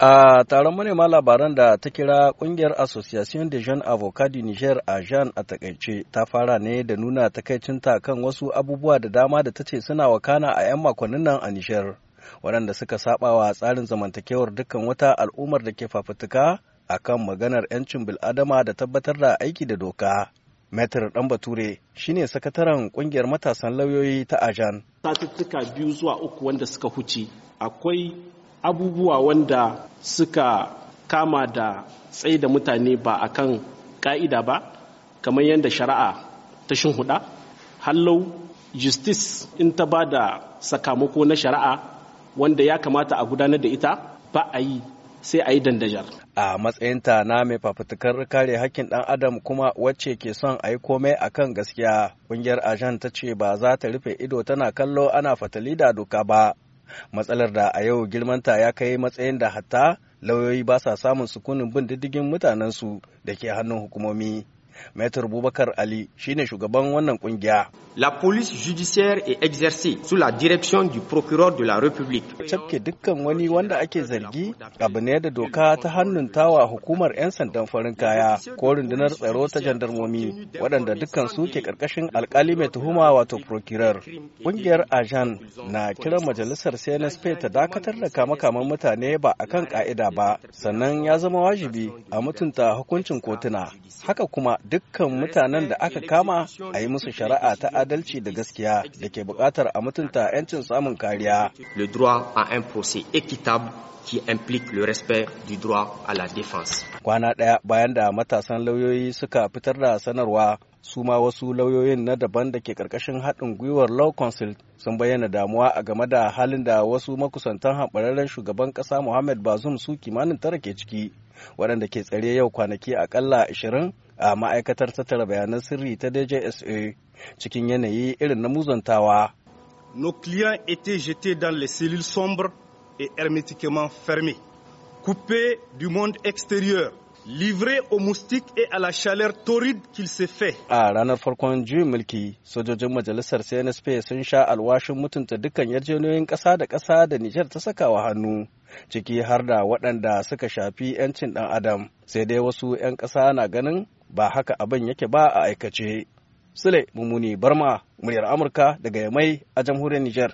A taron manema labaran da ta kira kungiyar Association de Jeunes Avocats du Niger a Jean a takaice ta fara ne da nuna takaicinta kan wasu abubuwa da dama da ta ce suna wakana a 'yan makonnin nan a Niger, waɗanda suka saba wa tsarin zamantakewar dukkan wata al'ummar da ke fafutuka a kan maganar 'yancin bil'adama da tabbatar da aiki da doka. Metir ɗan Bature shine sakataren ƙungiyar matasan lauyoyi ta Ajan. Satuttuka biyu zuwa uku wanda suka huce akwai abubuwa wanda suka kama da tsaye da mutane ba a kan ƙa'ida ba kamar yadda shari'a ta hudu, hallau justice in ta ba da sakamako na shari'a wanda ya kamata a gudanar da ita ba a yi sai a yi dandajar. A matsayinta na mai fafutukar kare hakkin ɗan adam kuma wacce ke son a yi komai a kan gaskiya, ƙungiyar Ajan ta ce ba za ta rufe ido tana kallo ana fatali da doka ba. matsalar da a yau girmanta ya kai matsayin da hatta lauyoyi ba sa samun sukunin bin diddigin mutanensu da ke hannun hukumomi. Maitar Bubakar Ali shine shugaban wannan kungiya. La police judiciaire est exercée sous la direction du procureur de la République. Cafke dukkan wani wanda ake zargi abu ne da doka ta hannun tawa hukumar 'yan sandan farin kaya ko rundunar tsaro ta jandarmomi waɗanda dukkan su ke ƙarƙashin alƙali mai tuhuma wato procureur. Ƙungiyar Ajan na kiran majalisar CNSP ta dakatar da kama-kaman mutane ba a kan ƙa'ida ba sannan ya zama wajibi a mutunta hukuncin kotuna. Haka kuma dukkan mutanen da aka kama a yi musu shari'a ta adalci da gaskiya da ke buƙatar a mutunta 'yancin samun kariya. Le droit à un procès équitable qui implique le respect du droit à la défense. Kwana ɗaya bayan da matasan lauyoyi suka fitar da sanarwa su ma wasu lauyoyin na daban da ke karkashin haɗin gwiwar Law Council sun bayyana damuwa a game da halin da wasu makusantan haɓararren shugaban ƙasa Muhammad bazum su kimanin tara ke ciki waɗanda ke tsare yau kwanaki akalla ashirin a ma'aikatar tattara bayanan sirri ta DJSA cikin yanayi irin na muzantawa. Nos clients étaient jetés dans les cellules sombres et hermétiquement fermées, coupés du monde extérieur, livrés aux moustiques et à la chaleur torride qu'il se fait. A ranar farkon juyin mulki, sojojin majalisar CNSP sun sha alwashin mutunta dukkan yarjejeniyoyin ƙasa da ƙasa da Nijar ta saka wa hannu. ciki har da waɗanda suka shafi 'yancin ɗan adam sai dai wasu 'yan ƙasa na ganin ba haka abin yake ba a aikace. Sule Mumuni Barma, muryar Amurka daga Yamai a jamhuriyar Nijar.